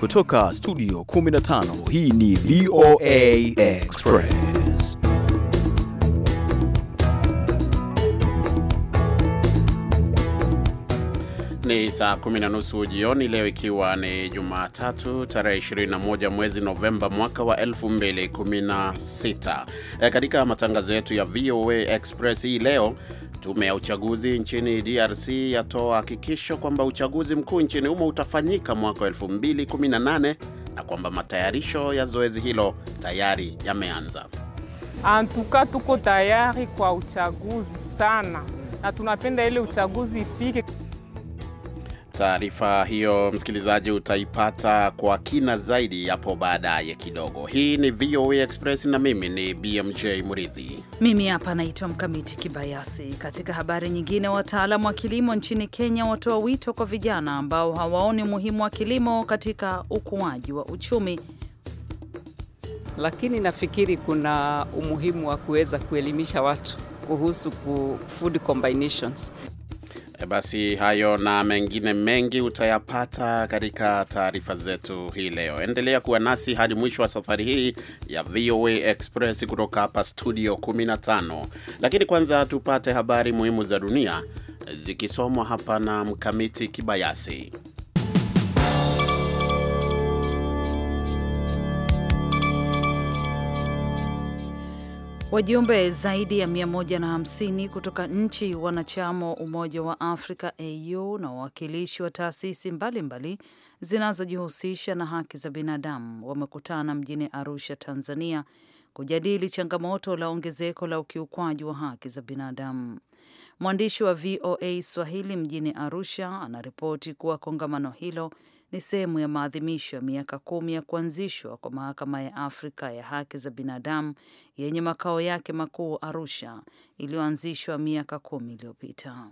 Kutoka studio 15 hii ni VOA Express. Ni saa kumi na nusu jioni leo, ikiwa ni Jumatatu tarehe 21 mwezi Novemba mwaka wa 2016. E, eh, katika matangazo yetu ya VOA Express hii leo Tume ya uchaguzi nchini DRC yatoa hakikisho kwamba uchaguzi mkuu nchini humo utafanyika mwaka 2018 na kwamba matayarisho ya zoezi hilo tayari yameanza. Antuka tuko tayari kwa uchaguzi sana na tunapenda ile uchaguzi ifike. Taarifa hiyo msikilizaji, utaipata kwa kina zaidi hapo baadaye kidogo. Hii ni VOA Express na mimi ni BMJ mridhi Mimi hapa naitwa Mkamiti Kibayasi. Katika habari nyingine, wataalamu wa kilimo nchini Kenya watoa wito kwa vijana ambao hawaoni umuhimu wa kilimo katika ukuaji wa uchumi lakini nafikiri kuna umuhimu wa kuweza kuelimisha watu kuhusu food combinations. E, basi hayo na mengine mengi utayapata katika taarifa zetu hii leo. Endelea kuwa nasi hadi mwisho wa safari hii ya VOA Express kutoka hapa studio 15. Lakini kwanza tupate habari muhimu za dunia zikisomwa hapa na Mkamiti Kibayasi. Wajumbe zaidi ya 150 kutoka nchi wanachama wa Umoja wa Afrika AU na wawakilishi wa taasisi mbalimbali zinazojihusisha na haki za binadamu wamekutana mjini Arusha, Tanzania kujadili changamoto la ongezeko la ukiukwaji wa haki za binadamu. Mwandishi wa VOA Swahili mjini Arusha anaripoti kuwa kongamano hilo ni sehemu ya maadhimisho ya miaka kumi ya kuanzishwa kwa Mahakama ya Afrika ya Haki za Binadamu yenye makao yake makuu Arusha, iliyoanzishwa miaka kumi iliyopita.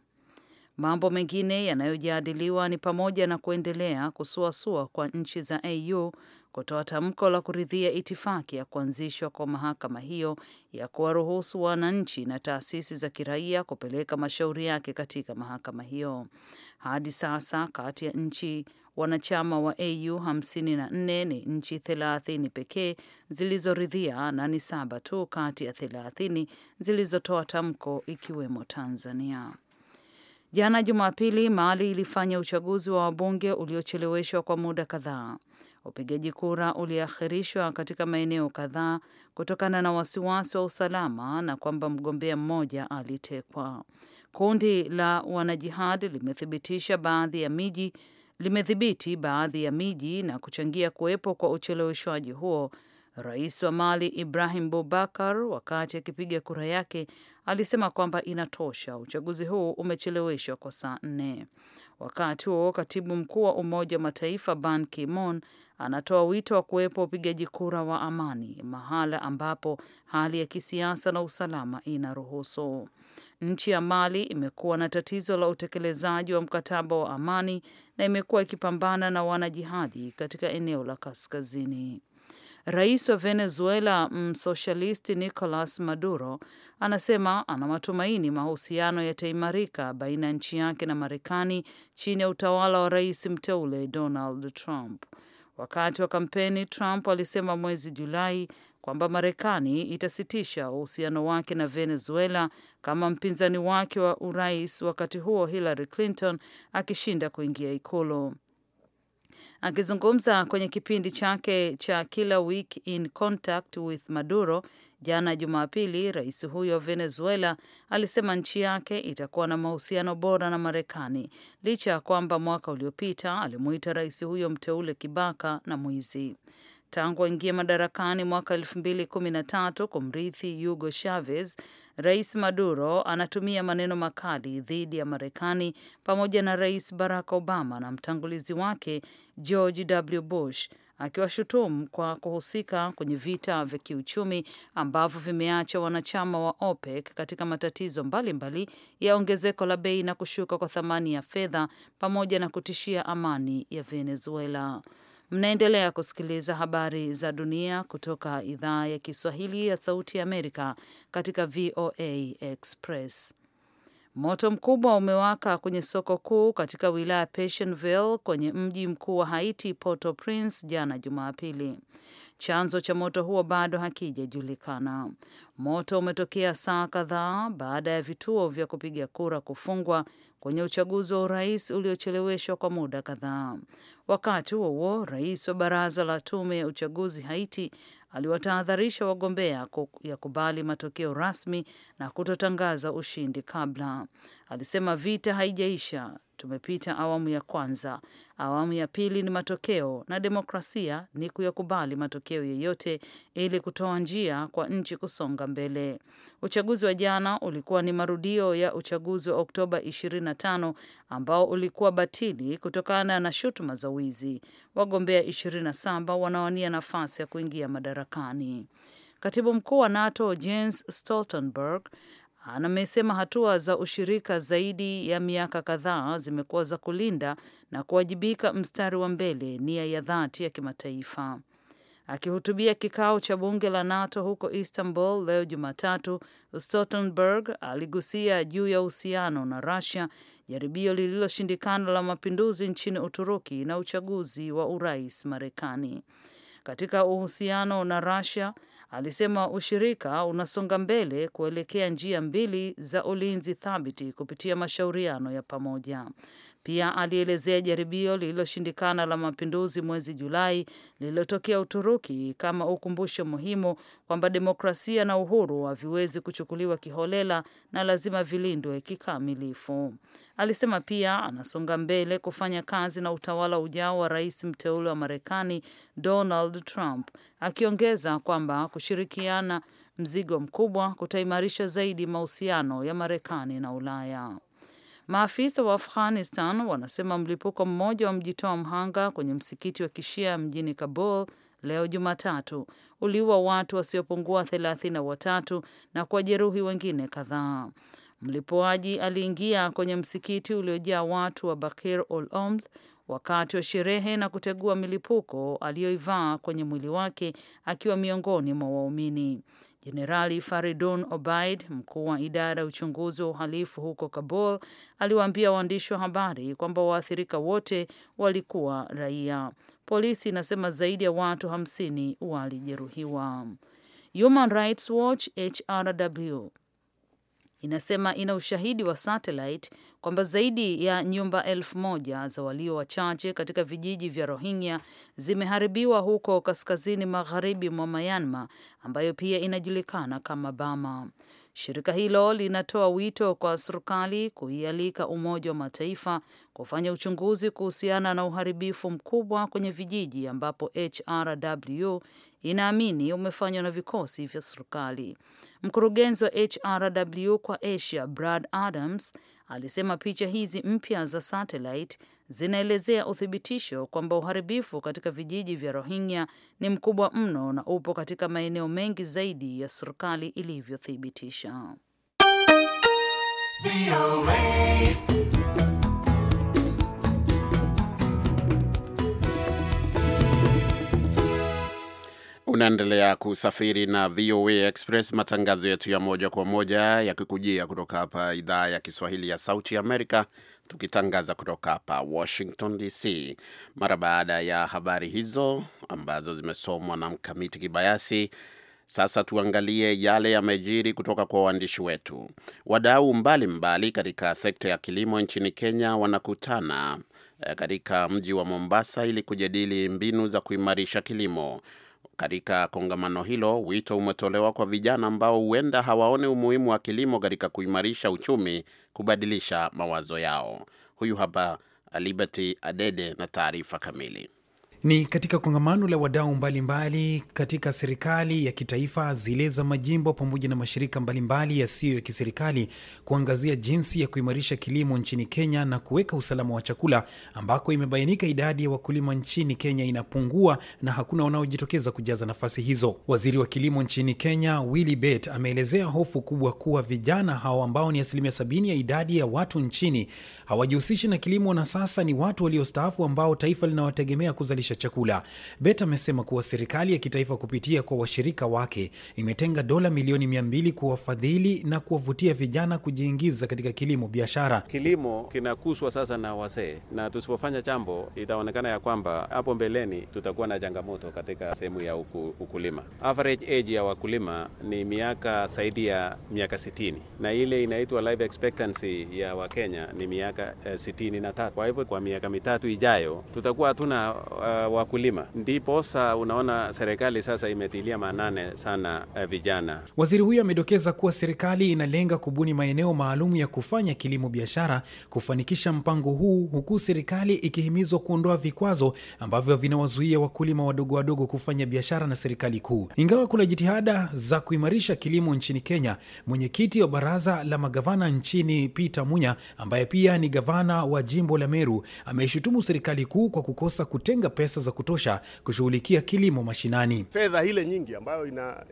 Mambo mengine yanayojadiliwa ni pamoja na kuendelea kusuasua kwa nchi za AU kutoa tamko la kuridhia itifaki ya kuanzishwa kwa mahakama hiyo ya kuwaruhusu wananchi na taasisi za kiraia kupeleka mashauri yake katika mahakama hiyo. Hadi sasa kati ya nchi Wanachama wa AU 54 ni nchi 30 pekee zilizoridhia na ni saba tu kati ya 30 zilizotoa tamko ikiwemo Tanzania. Jana Jumapili, Mali ilifanya uchaguzi wa wabunge uliocheleweshwa kwa muda kadhaa. Upigaji kura uliakhirishwa katika maeneo kadhaa kutokana na wasiwasi wa usalama na kwamba mgombea mmoja alitekwa. Kundi la wanajihadi limethibitisha baadhi ya miji limedhibiti baadhi ya miji na kuchangia kuwepo kwa ucheleweshwaji huo. Rais wa Mali Ibrahim Boubacar, wakati akipiga kura yake, alisema kwamba inatosha, uchaguzi huu umecheleweshwa kwa saa nne. Wakati huo katibu mkuu wa Umoja wa Mataifa Ban Ki-moon anatoa wito wa kuwepo upigaji kura wa amani mahala ambapo hali ya kisiasa na usalama inaruhusu. Nchi ya Mali imekuwa na tatizo la utekelezaji wa mkataba wa amani na imekuwa ikipambana na wanajihadi katika eneo la kaskazini. Rais wa Venezuela msosialisti Nicolas Maduro anasema ana matumaini mahusiano yataimarika baina ya nchi yake na Marekani chini ya utawala wa rais mteule Donald Trump. Wakati wa kampeni, Trump alisema mwezi Julai kwamba Marekani itasitisha uhusiano wake na Venezuela kama mpinzani wake wa urais, wakati huo Hillary Clinton akishinda kuingia Ikulu. Akizungumza kwenye kipindi chake cha kila Week in Contact with Maduro Jana Jumapili, rais huyo wa Venezuela alisema nchi yake itakuwa na mahusiano bora na Marekani licha ya kwamba mwaka uliopita alimuita rais huyo mteule kibaka na mwizi. Tangu aingie madarakani mwaka elfu mbili kumi 2013 kumrithi Hugo Chavez, Rais Maduro anatumia maneno makali dhidi ya Marekani pamoja na Rais Barack Obama na mtangulizi wake George W. Bush akiwashutumu kwa kuhusika kwenye vita vya kiuchumi ambavyo vimeacha wanachama wa OPEC katika matatizo mbalimbali mbali ya ongezeko la bei na kushuka kwa thamani ya fedha pamoja na kutishia amani ya Venezuela. Mnaendelea kusikiliza habari za dunia kutoka idhaa ya Kiswahili ya Sauti ya Amerika katika VOA Express. Moto mkubwa umewaka kwenye soko kuu katika wilaya Passionville kwenye mji mkuu wa Haiti Port-au-Prince jana Jumapili. Chanzo cha moto huo bado hakijajulikana. Moto umetokea saa kadhaa baada ya vituo vya kupiga kura kufungwa kwenye uchaguzi wa urais uliocheleweshwa kwa muda kadhaa. Wakati huo huo, rais wa baraza la tume ya uchaguzi Haiti aliwatahadharisha wagombea ya kubali matokeo rasmi na kutotangaza ushindi kabla. Alisema vita haijaisha, Tumepita awamu ya kwanza. Awamu ya pili ni matokeo, na demokrasia ni kuyakubali matokeo yeyote ili kutoa njia kwa nchi kusonga mbele. Uchaguzi wa jana ulikuwa ni marudio ya uchaguzi wa Oktoba 25 ambao ulikuwa batili kutokana na shutuma za wizi. Wagombea 27 wanawania nafasi ya kuingia madarakani. Katibu mkuu wa NATO Jens Stoltenberg amesema hatua za ushirika zaidi ya miaka kadhaa zimekuwa za kulinda na kuwajibika mstari wa mbele nia ya dhati ya kimataifa. Akihutubia kikao cha bunge la NATO huko Istanbul leo Jumatatu, Stoltenberg aligusia juu ya uhusiano na Russia, jaribio lililoshindikana la mapinduzi nchini Uturuki na uchaguzi wa urais Marekani. Katika uhusiano na Russia, alisema ushirika unasonga mbele kuelekea njia mbili za ulinzi thabiti kupitia mashauriano ya pamoja. Pia alielezea jaribio lililoshindikana la mapinduzi mwezi Julai lililotokea Uturuki kama ukumbusho muhimu kwamba demokrasia na uhuru haviwezi kuchukuliwa kiholela na lazima vilindwe kikamilifu. Alisema pia anasonga mbele kufanya kazi na utawala ujao wa rais mteule wa Marekani Donald Trump, akiongeza kwamba kushirikiana mzigo mkubwa kutaimarisha zaidi mahusiano ya Marekani na Ulaya. Maafisa wa Afghanistan wanasema mlipuko mmoja wa mjitoa mhanga kwenye msikiti wa kishia mjini Kabul leo Jumatatu uliua watu wasiopungua thelathini na watatu na kuwajeruhi wengine kadhaa. Mlipuaji aliingia kwenye msikiti uliojaa watu wa Bakir ul Omd wakati wa sherehe na kutegua milipuko aliyoivaa kwenye mwili wake akiwa miongoni mwa waumini. Jenerali Faridun Obaid, mkuu wa idara ya uchunguzi wa uhalifu huko Kabul, aliwaambia waandishi wa habari kwamba waathirika wote walikuwa raia. Polisi inasema zaidi ya watu hamsini walijeruhiwa. Human Rights Watch HRW inasema ina ushahidi wa satellite kwamba zaidi ya nyumba elfu moja za walio wachache katika vijiji vya Rohingya zimeharibiwa huko kaskazini magharibi mwa Myanmar, ambayo pia inajulikana kama bama Shirika hilo linatoa wito kwa serikali kuialika Umoja wa Mataifa kufanya uchunguzi kuhusiana na uharibifu mkubwa kwenye vijiji ambapo HRW inaamini umefanywa na vikosi vya serikali. Mkurugenzi wa HRW kwa Asia Brad Adams alisema picha hizi mpya za satellite zinaelezea uthibitisho kwamba uharibifu katika vijiji vya Rohingya ni mkubwa mno na upo katika maeneo mengi zaidi ya serikali ilivyothibitisha. Unaendelea kusafiri na VOA Express, matangazo yetu ya moja kwa moja yakikujia kutoka hapa idhaa ya Kiswahili ya Sauti Amerika, tukitangaza kutoka hapa Washington DC. Mara baada ya habari hizo ambazo zimesomwa na Mkamiti Kibayasi, sasa tuangalie yale yamejiri kutoka kwa waandishi wetu. Wadau mbalimbali katika sekta ya kilimo nchini Kenya wanakutana eh, katika mji wa Mombasa ili kujadili mbinu za kuimarisha kilimo. Katika kongamano hilo, wito umetolewa kwa vijana ambao huenda hawaone umuhimu wa kilimo katika kuimarisha uchumi kubadilisha mawazo yao. Huyu hapa Liberty Adede na taarifa kamili. Ni katika kongamano la wadau mbalimbali katika serikali ya kitaifa, zile za majimbo, pamoja na mashirika mbalimbali yasiyo ya kiserikali kuangazia jinsi ya kuimarisha kilimo nchini Kenya na kuweka usalama wa chakula, ambako imebainika idadi ya wakulima nchini Kenya inapungua na hakuna wanaojitokeza kujaza nafasi hizo. Waziri wa kilimo nchini Kenya Willy Bet ameelezea hofu kubwa kuwa vijana hao ambao ni asilimia sabini ya idadi ya watu nchini hawajihusishi na kilimo, na sasa ni watu waliostaafu ambao taifa linawategemea kuzalisha chakula. Bet amesema kuwa serikali ya kitaifa kupitia kwa washirika wake imetenga dola milioni mia mbili kuwafadhili na kuwavutia vijana kujiingiza katika kilimo biashara. Kilimo kinakuswa sasa na wasee, na tusipofanya chambo itaonekana ya kwamba hapo mbeleni tutakuwa na changamoto katika sehemu ya uku, ukulima. Average age ya wakulima ni miaka zaidi ya miaka 60 na ile inaitwa life expectancy ya Wakenya ni miaka 63. Eh, kwa hivyo kwa miaka mitatu ijayo tutakuwa hatuna uh, wakulima. Ndiposa unaona serikali sasa imetilia manane sana uh, vijana. Waziri huyo amedokeza kuwa serikali inalenga kubuni maeneo maalum ya kufanya kilimo biashara kufanikisha mpango huu, huku serikali ikihimizwa kuondoa vikwazo ambavyo vinawazuia wakulima wadogo wadogo kufanya biashara na serikali kuu. Ingawa kuna jitihada za kuimarisha kilimo nchini Kenya, mwenyekiti wa baraza la magavana nchini Peter Munya, ambaye pia ni gavana wa jimbo la Meru, ameishutumu serikali kuu kwa kukosa kutenga pesa pesa za kutosha kushughulikia kilimo mashinani. Fedha ile nyingi ambayo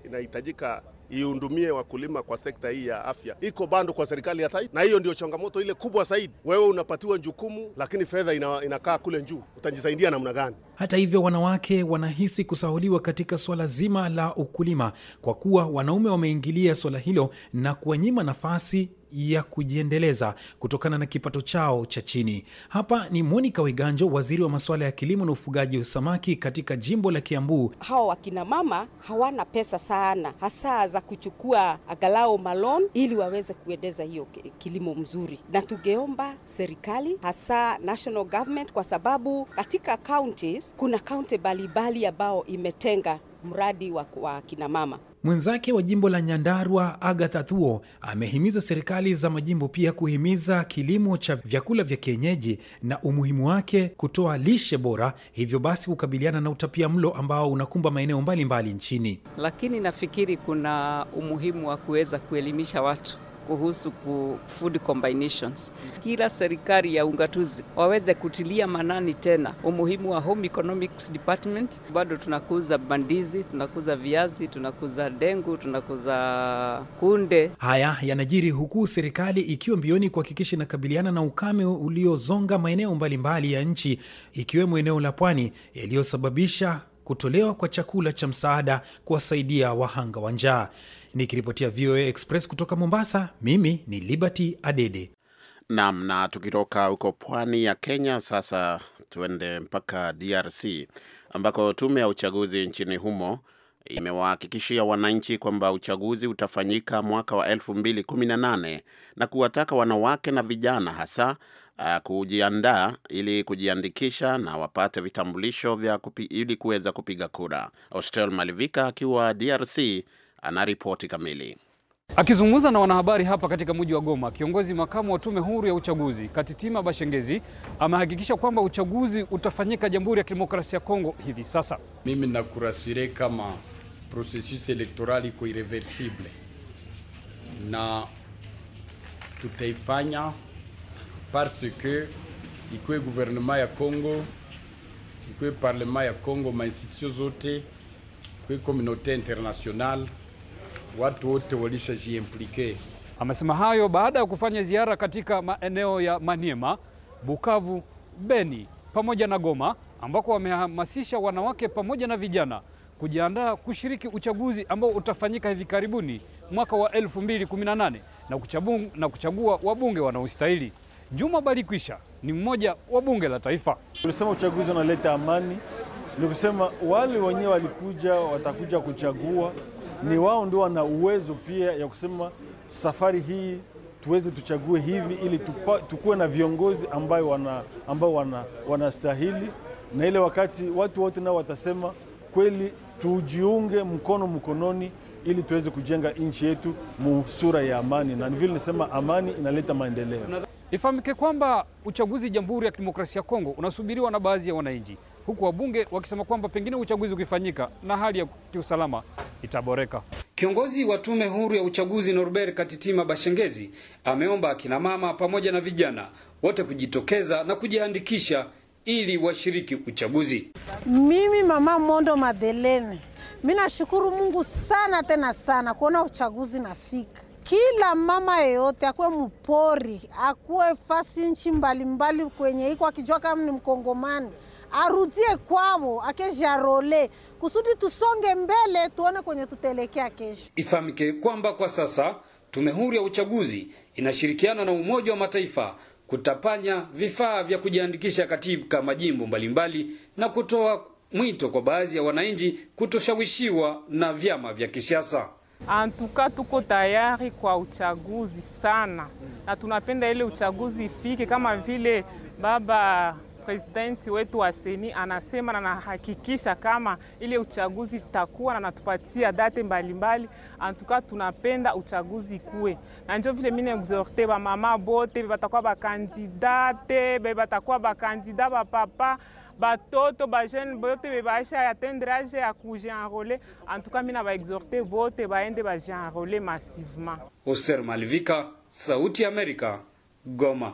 inahitajika ina ihudumie wakulima kwa sekta hii ya afya iko bando kwa serikali ya taifa, na hiyo ndio changamoto ile kubwa zaidi. Wewe unapatiwa jukumu, lakini fedha ina, inakaa kule juu, utajisaidia namna gani? Hata hivyo, wanawake wanahisi kusahuliwa katika swala zima la ukulima, kwa kuwa wanaume wameingilia swala hilo na kuwanyima nafasi ya kujiendeleza kutokana na kipato chao cha chini. Hapa ni Monica Weganjo, waziri wa masuala ya kilimo na ufugaji wa samaki katika jimbo la Kiambu. Hawa wakina mama hawana pesa sana, hasa za kuchukua agalao malon ili waweze kuendeza hiyo kilimo mzuri, na tungeomba serikali hasa national government, kwa sababu katika counties kuna kaunti mbalimbali ambao imetenga mradi wa, wa kinamama. Mwenzake wa jimbo la Nyandarua Agatha Thuo amehimiza serikali za majimbo pia kuhimiza kilimo cha vyakula vya kienyeji na umuhimu wake kutoa lishe bora, hivyo basi kukabiliana na utapia mlo ambao unakumba maeneo mbalimbali nchini. Lakini nafikiri kuna umuhimu wa kuweza kuelimisha watu kuhusu ku food combinations. Kila serikali ya ungatuzi waweze kutilia manani tena umuhimu wa home economics department. Bado tunakuza bandizi, tunakuza viazi, tunakuza dengu, tunakuza kunde. Haya yanajiri huku serikali ikiwa mbioni kuhakikisha inakabiliana na ukame uliozonga maeneo mbalimbali ya nchi ikiwemo eneo la pwani yaliyosababisha kutolewa kwa chakula cha msaada kuwasaidia wahanga wa njaa. Nikiripotia VOA Express kutoka Mombasa, mimi ni Liberty Adede. Naam, na tukitoka huko pwani ya Kenya sasa tuende mpaka DRC ambako tume ya uchaguzi nchini humo imewahakikishia wananchi kwamba uchaguzi utafanyika mwaka wa 2018 na kuwataka wanawake na vijana hasa uh, kujiandaa ili kujiandikisha na wapate vitambulisho vya kupi, ili kuweza kupiga kura. Austel Malivika akiwa DRC ana ripoti kamili. Akizungumza na wanahabari hapa katika mji wa Goma, kiongozi makamu wa tume huru ya uchaguzi Katitima Bashengezi amehakikisha kwamba uchaguzi utafanyika Jamhuri ya Kidemokrasia ya Kongo hivi sasa. Mimi nakurasire kama processus electoral iko irreversible na tutaifanya parce que ikwe gouvernement ya Kongo ikwe parlement ya Kongo, mainstitution zote ikwe communauté internationale watu wote walishajiimplike. Amesema hayo baada ya kufanya ziara katika maeneo ya Maniema, Bukavu, Beni pamoja na Goma ambako wamehamasisha wanawake pamoja na vijana kujiandaa kushiriki uchaguzi ambao utafanyika hivi karibuni mwaka wa 2018 na kuchagua, na kuchagua wabunge wanaostahili. Juma Balikwisha ni mmoja wa bunge la taifa. Tulisema uchaguzi unaleta amani, ni kusema wale wenyewe walikuja watakuja kuchagua ni wao ndio wana uwezo pia ya kusema safari hii tuweze tuchague hivi, ili tupa, tukuwe na viongozi ambao wana, ambao wana, wanastahili, na ile wakati watu wote nao watasema kweli, tujiunge mkono mkononi ili tuweze kujenga nchi yetu musura ya amani, na vile nisema amani inaleta maendeleo. Ifahamike kwamba uchaguzi Jamhuri ya Kidemokrasia ya Kongo unasubiriwa na baadhi ya wananchi huku wabunge wakisema kwamba pengine uchaguzi ukifanyika na hali ya kiusalama itaboreka. Kiongozi wa Tume Huru ya Uchaguzi Norbert Katitima Bashengezi ameomba akina mama pamoja na vijana wote kujitokeza na kujiandikisha ili washiriki uchaguzi. Mimi mama Mondo madeleni mi nashukuru Mungu sana tena sana kuona uchaguzi nafika. Kila mama yeyote akuwe mpori, akuwe fasi nchi mbalimbali kwenye iko akijua kama ni Mkongomani arudie kwao akejarole kusudi tusonge mbele, tuone kwenye tutaelekea kesho. Ifahamike kwamba kwa sasa tume huru ya uchaguzi inashirikiana na Umoja wa Mataifa kutapanya vifaa vya kujiandikisha katika majimbo mbalimbali na kutoa mwito kwa baadhi ya wananchi kutoshawishiwa na vyama vya kisiasa. Antuka tuko tayari kwa uchaguzi sana, na tunapenda ile uchaguzi ifike kama vile baba presidenti wetu wa seni anasema na anahakikisha kama ile uchaguzi itakuwa na natupatia date mbalimbali antuka, tunapenda uchaguzi kuwe na njo vile mine exorte bamama bote batakuwa bakandidate batakuwa bakandida bapapa batoto bajene bote bebaisha atendre age ya kugenrole antuka mina baexorte bote baende bagenrole massivement. Oser Malvika, Sauti Amerika, Goma.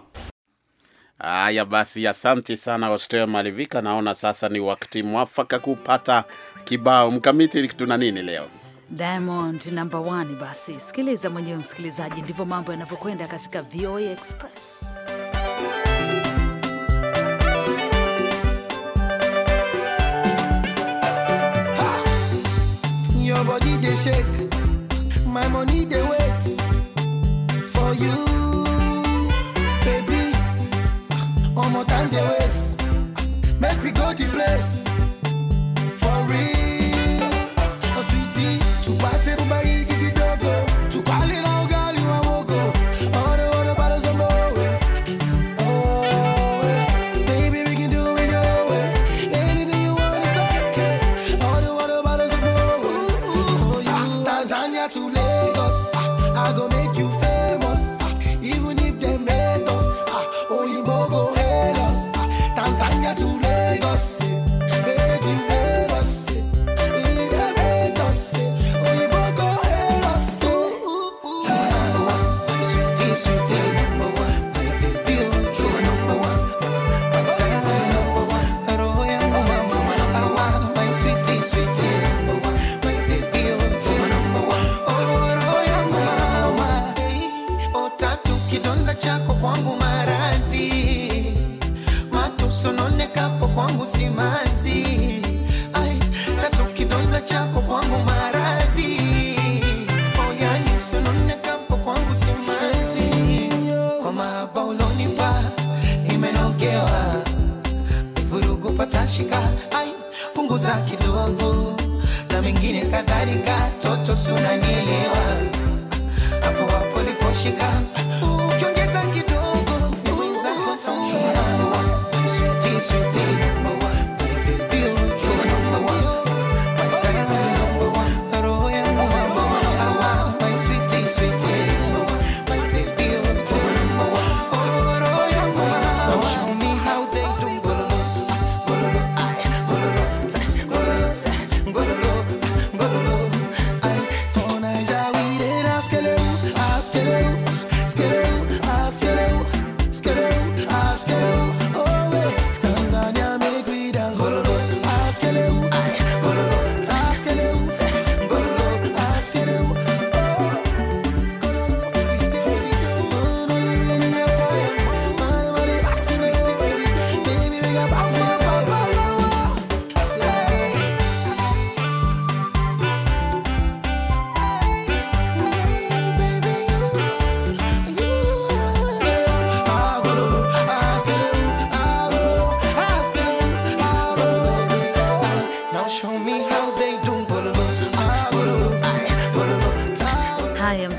Haya basi, asante sana Hostel Malivika. Naona sasa ni wakati mwafaka kupata kibao mkamiti. Tuna nini leo? Diamond number one. Basi sikiliza mwenyewe msikilizaji, ndivyo mambo yanavyokwenda katika VOA Express. My money they we go the place. sweetie.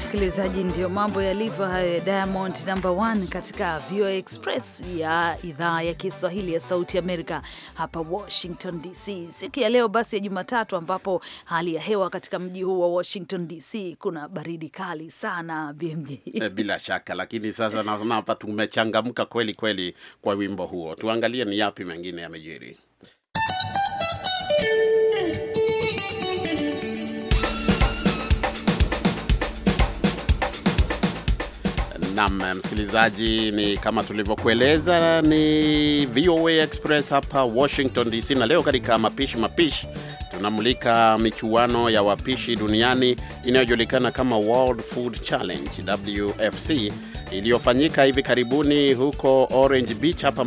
msikilizaji, ndio mambo yalivyo hayo ya Diamond namba 1 katika VOA Express ya idhaa ya Kiswahili ya Sauti Amerika hapa Washington DC, siku ya leo basi ya Jumatatu, ambapo hali ya hewa katika mji huu wa Washington DC kuna baridi kali sana BMJ. Eh, bila shaka, lakini sasa naona hapa tumechangamka kweli kweli kwa wimbo huo. Tuangalie ni yapi mengine yamejiri. Nam msikilizaji, ni kama tulivyokueleza, ni VOA Express hapa Washington DC, na leo katika mapishi mapishi tunamulika michuano ya wapishi duniani inayojulikana kama World Food Challenge WFC iliyofanyika hivi karibuni huko Orange Beach hapa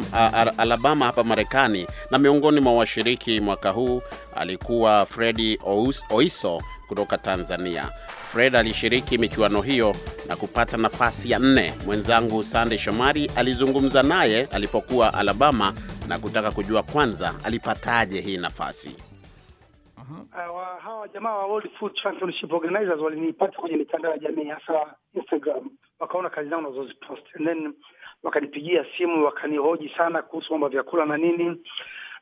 Alabama hapa Marekani, na miongoni mwa washiriki mwaka huu alikuwa Fredi Oiso kutoka Tanzania. Fred alishiriki michuano hiyo na kupata nafasi ya nne. Mwenzangu Sande Shomari alizungumza naye alipokuwa Alabama na kutaka kujua kwanza alipataje hii nafasi. Uh, hawa jamaa wa World Food Championship Organizers walinipata kwenye mitandao ya jamii hasa Instagram, wakaona kazi zangu nazozipost and then wakanipigia simu wakanihoji sana kuhusu mambo vyakula na nini.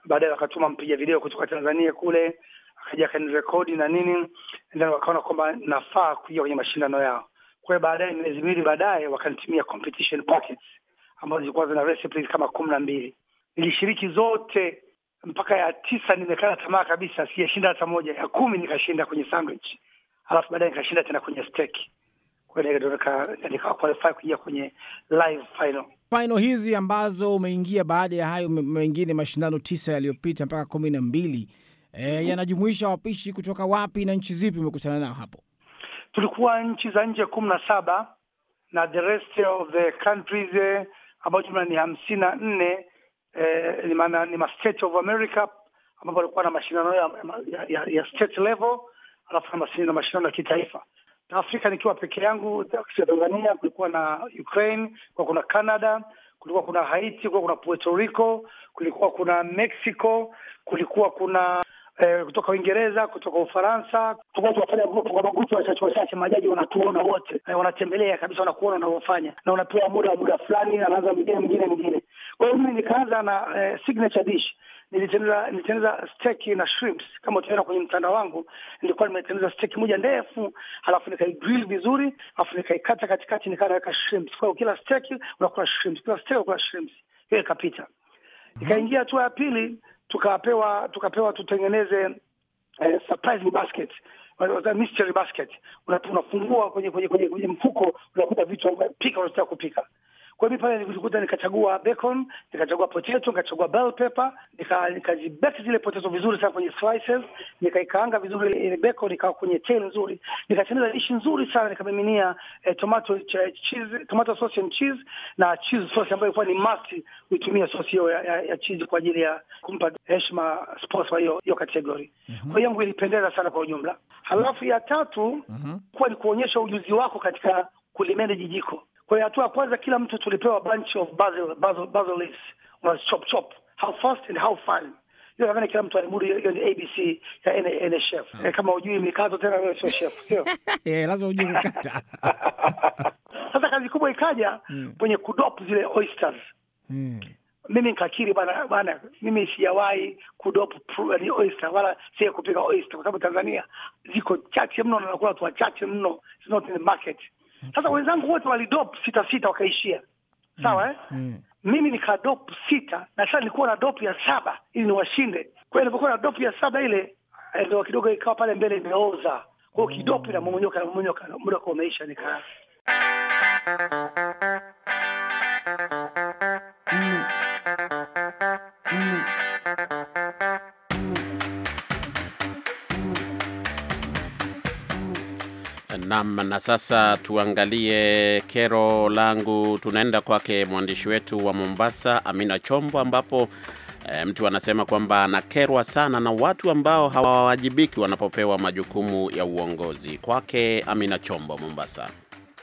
Baadaye wakatuma mpiga video kutoka Tanzania kule hajakanirekodi na nini, then wakaona kwamba nafaa kuja kwenye mashindano yao. Kwa hiyo baadaye, miezi miwili baadaye, wakanitimia competition packets ambazo zilikuwa zina recipes kama kumi na mbili. Nilishiriki zote mpaka ya tisa, nimekata tamaa kabisa, sijashinda hata moja. Ya kumi nikashinda kwenye sandwich, alafu baadaye nikashinda tena kwenye steak nikaqualify kuingia kwenye live final. Final hizi ambazo umeingia baada ya hayo mengine mashindano tisa yaliyopita mpaka kumi na mbili e, yanajumuisha wapishi kutoka wapi na nchi zipi umekutana nao hapo? Tulikuwa nchi za nje kumi na saba na the rest of the countries eh, ambayo jumla ni hamsini na nne eh, ni maana ni ma state of America ambapo walikuwa na mashindano ya, ya, ya, ya state level alafu na mashindano ya kitaifa. Afrika nikiwa peke yangu Tanzania, kulikuwa na Ukraine, kulikuwa kuna Canada, kulikuwa kuna Haiti, kulikuwa kuna Puerto Rico, kulikuwa kuna Mexico, kulikuwa kuna eh, kutoka Uingereza, kutoka Ufaransa. Tunafanya group kwa magrupu wachache wachache, majaji wanatuona wote, eh, wanatembelea kabisa, wanakuona unavyofanya na unapewa muda wa muda fulani, anaanza mgine mgine mgine. Kwa hiyo mimi nikaanza na eh, signature dish nilitengeneza nilitengeneza steki na shrimps. Kama utaona kwenye mtandao wangu, nilikuwa nimetengeneza steki moja ndefu, halafu nikaigrill vizuri, halafu nikaikata katikati, nikaa naweka shrimps. Kwa hiyo kila steki unakula shrimps, kila steki unakula shrimps. Hiyo ikapita. Mhm. Ikaingia hatua ya pili, tukapewa tukapewa tutengeneze eh, surprise basket mystery basket, unafungua kwenye kwenye kwenye mfuko unakuta vitu pika unataka kupika. Kwa hivyo pale nikuta nikachagua bacon, nikachagua potato, nikachagua bell pepper, nikazibeki zile potato vizuri sana kwenye slices, nikaikaanga vizuri ile bacon ikawa kwenye tail nzuri, nikatengeneza dish nzuri sana, nikamiminia eh, tomato ch eh, cheese, tomato sauce and cheese na cheese sauce ambayo ilikuwa ni must kuitumia sauce hiyo ya, ya, ya cheese kwa ajili ya kumpa heshima sports wa hiyo hiyo category. Mm -hmm. Kwa hiyo yangu ilipendeza sana kwa ujumla. Halafu ya tatu mm -hmm. kuwa ni kuonyesha ujuzi wako katika kulimanage jiko kwa hiyo hatua ya kwanza kila mtu tulipewa bunch of basil, basil, una chop chop, how fast and how fine hiyo nadhani kila mtu alimudu hiyo ni abc ya nhf oh. Ah. Eh, kama ujui mikato tena wewe sio chef eh lazima ujue kukata sasa kazi kubwa ikaja mm. kwenye kudop zile oysters mm. mimi nikakiri bana bana mimi sijawahi kudop ni oyster wala sie kupika oyster kwa sababu tanzania ziko chache mno na nakula tu wachache mno it's in the market mm sasa wenzangu wote walidop sita sita wakaishia sawa mm, eh? mm. Mimi nikadop sita na sasa nilikuwa na dop ya saba ili niwashinde. Kwa hiyo nilipokuwa na dop ya saba ile eh, ndo kidogo ikawa pale mbele imeoza, kwa hiyo kidopu inamomonyoka mm. na momonyoka, muda umeisha Nam. Na sasa tuangalie kero langu, tunaenda kwake mwandishi wetu wa Mombasa, Amina Chombo, ambapo e, mtu anasema kwamba anakerwa sana na watu ambao hawawajibiki wanapopewa majukumu ya uongozi. Kwake Amina Chombo, Mombasa.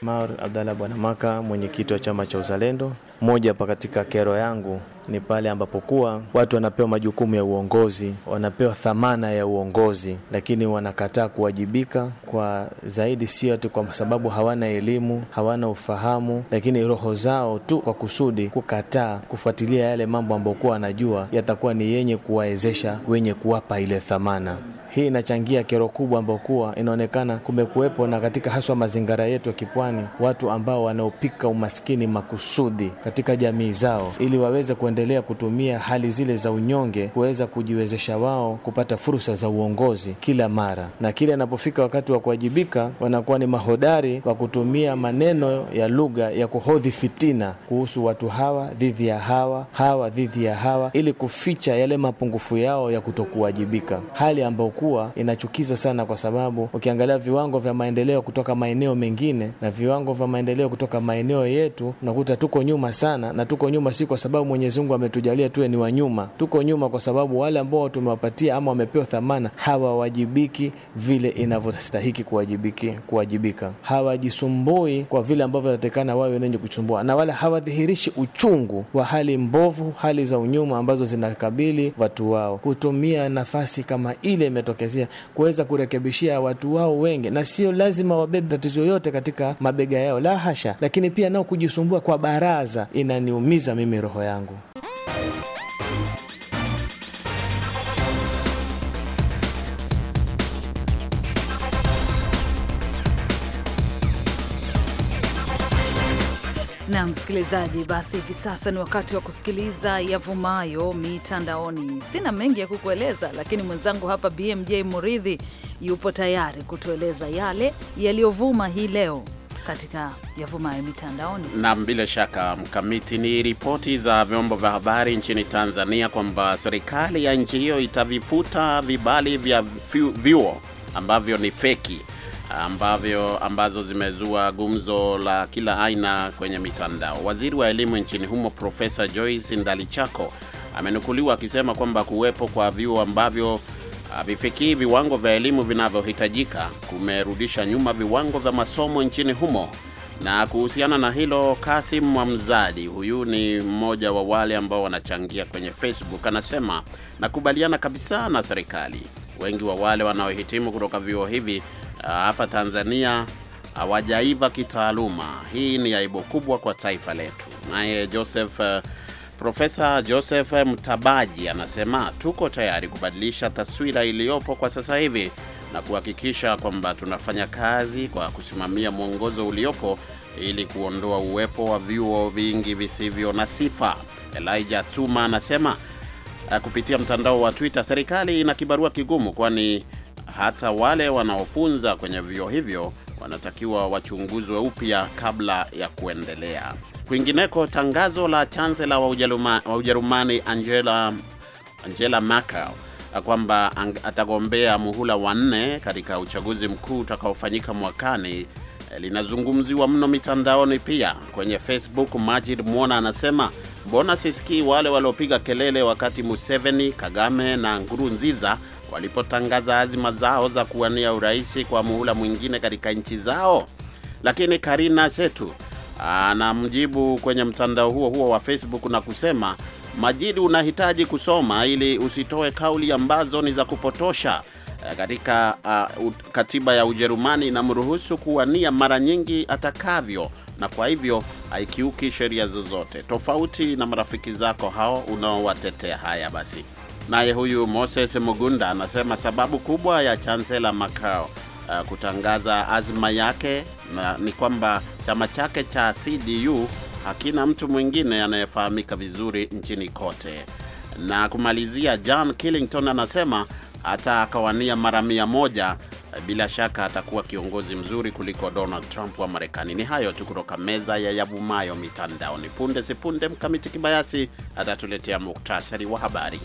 Mar Abdallah Bwanamaka, mwenyekiti wa chama cha Uzalendo. Moja hapa katika kero yangu ni pale ambapo kuwa watu wanapewa majukumu ya uongozi, wanapewa thamana ya uongozi, lakini wanakataa kuwajibika kwa zaidi, sio tu kwa sababu hawana elimu, hawana ufahamu, lakini roho zao tu kwa kusudi kukataa kufuatilia yale mambo ambayo kuwa wanajua yatakuwa ni yenye kuwawezesha wenye kuwapa ile thamana. Hii inachangia kero kubwa ambayo kuwa inaonekana kumekuwepo na katika haswa mazingira yetu ya kipwani, watu ambao wanaopika umaskini makusudi katika jamii zao, ili waweze kuendelea kutumia hali zile za unyonge kuweza kujiwezesha wao kupata fursa za uongozi kila mara, na kile anapofika wakati wa kuwajibika, wanakuwa ni mahodari wa kutumia maneno ya lugha ya kuhodhi fitina kuhusu watu hawa dhidi ya hawa, hawa dhidi ya hawa, ili kuficha yale mapungufu yao ya kutokuwajibika, hali ambayo kuwa inachukiza sana, kwa sababu ukiangalia viwango vya maendeleo kutoka maeneo mengine na viwango vya maendeleo kutoka maeneo yetu, unakuta tuko nyuma sana, na tuko nyuma si kwa sababu Mwenyezi Mungu ametujalia tuwe ni wanyuma. Tuko nyuma kwa sababu wale ambao tumewapatia ama wamepewa thamana hawawajibiki vile inavyostahiki kuwajibiki kuwajibika, hawajisumbui kwa vile ambavyo natekana wao wenyewe kuchumbua, na wala hawadhihirishi uchungu wa hali mbovu, hali za unyuma ambazo zinakabili watu wao, kutumia nafasi kama ile imetokezea kuweza kurekebishia watu wao wengi, na sio lazima wabebe tatizo yote katika mabega yao, la hasha, lakini pia nao kujisumbua kwa baraza inaniumiza mimi roho yangu. na msikilizaji, basi hivi sasa ni wakati wa kusikiliza yavumayo mitandaoni. Sina mengi ya kukueleza, lakini mwenzangu hapa BMJ Muridhi yupo tayari kutueleza yale yaliyovuma hii leo katika yavumayo mitandaoni. Naam, bila shaka mkamiti, ni ripoti za vyombo vya habari nchini Tanzania kwamba serikali ya nchi hiyo itavifuta vibali vya vyuo ambavyo ni feki ambavyo ambazo zimezua gumzo la kila aina kwenye mitandao. Waziri wa elimu nchini humo Profesa Joyce Ndalichako amenukuliwa akisema kwamba kuwepo kwa vyuo ambavyo havifikii viwango vya elimu vinavyohitajika kumerudisha nyuma viwango vya masomo nchini humo. Na kuhusiana na hilo, Kasim Mwamzadi, huyu ni mmoja wa wale ambao wanachangia kwenye Facebook, anasema nakubaliana kabisa na serikali. Wengi wa wale wanaohitimu kutoka vyuo hivi ah, hapa Tanzania hawajaiva kitaaluma. Hii ni aibu kubwa kwa taifa letu. Naye Joseph ah, Profesa Joseph Mtabaji anasema tuko tayari kubadilisha taswira iliyopo kwa sasa hivi na kuhakikisha kwamba tunafanya kazi kwa kusimamia mwongozo uliopo ili kuondoa uwepo wa vyuo vingi visivyo na sifa. Elijah Tuma anasema eh, kupitia mtandao wa Twitter, serikali ina kibarua kigumu, kwani hata wale wanaofunza kwenye vyuo hivyo wanatakiwa wachunguzwe upya kabla ya kuendelea. Kwingineko, tangazo la chansela wa, wa Ujerumani Angela, Angela Merkel kwamba atagombea muhula wa nne katika uchaguzi mkuu utakaofanyika mwakani eh, linazungumziwa mno mitandaoni. Pia kwenye Facebook, Majid Mwona anasema mbona sisikii wale waliopiga kelele wakati Museveni, Kagame na Nkurunziza walipotangaza azima zao za kuwania urais kwa muhula mwingine katika nchi zao. Lakini Karina Setu anamjibu kwenye mtandao huo huo wa Facebook na kusema, Majidi, unahitaji kusoma ili usitoe kauli ambazo ni za kupotosha. Eh, katika uh, katiba ya Ujerumani inamruhusu kuwania mara nyingi atakavyo, na kwa hivyo haikiuki sheria zozote, tofauti na marafiki zako hao unaowatetea. Haya basi, naye huyu Moses Mugunda anasema sababu kubwa ya chansela Makao uh, kutangaza azma yake na ni kwamba chama chake cha CDU hakina mtu mwingine anayefahamika vizuri nchini kote. Na kumalizia, John Killington anasema hata akawania mara mia moja bila shaka atakuwa kiongozi mzuri kuliko Donald Trump wa Marekani. Ni hayo tu kutoka meza ya yavumayo mitandaoni. Punde sipunde, Mkamiti Kibayasi atatuletea muktasari wa habari.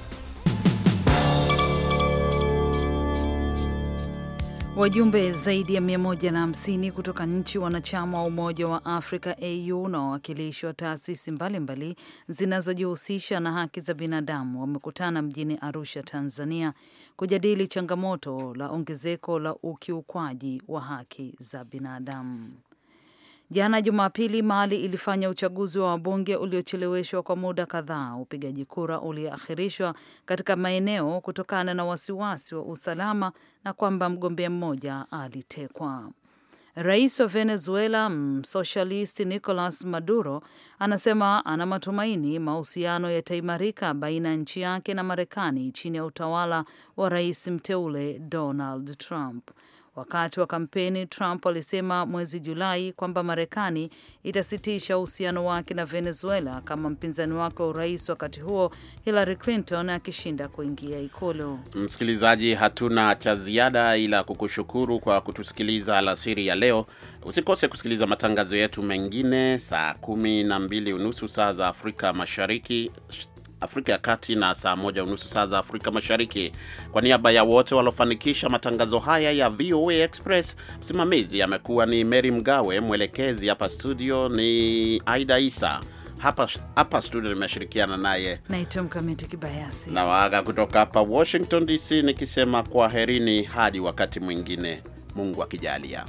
Wajumbe zaidi ya 150 kutoka nchi wanachama wa Umoja wa Afrika AU na wawakilishi wa taasisi mbalimbali zinazojihusisha na haki za binadamu wamekutana mjini Arusha, Tanzania kujadili changamoto la ongezeko la ukiukwaji wa haki za binadamu. Jana Jumapili, Mali ilifanya uchaguzi wa wabunge uliocheleweshwa kwa muda kadhaa, upigaji kura ulioakhirishwa katika maeneo kutokana na wasiwasi wa usalama na kwamba mgombea mmoja alitekwa. Rais wa Venezuela msocialist Nicolas Maduro anasema ana matumaini mahusiano yataimarika baina ya nchi yake na Marekani chini ya utawala wa rais mteule Donald Trump. Wakati wa kampeni, Trump alisema mwezi Julai kwamba Marekani itasitisha uhusiano wake na Venezuela kama mpinzani wake wa urais, wakati huo Hillary Clinton akishinda kuingia Ikulu. Msikilizaji, hatuna cha ziada ila kukushukuru kwa kutusikiliza alasiri ya leo. Usikose kusikiliza matangazo yetu mengine saa kumi na mbili unusu saa za Afrika Mashariki Afrika ya Kati na saa moja unusu saa za Afrika Mashariki. Kwa niaba ya wote waliofanikisha matangazo haya ya VOA Express, msimamizi amekuwa ni Mary Mgawe, mwelekezi hapa studio ni Aida Isa. Hapa, hapa studio nimeshirikiana naye naitwa Mkamiti Kibayasi na kutoka hapa Washington DC nikisema kwaherini hadi wakati mwingine, Mungu akijalia.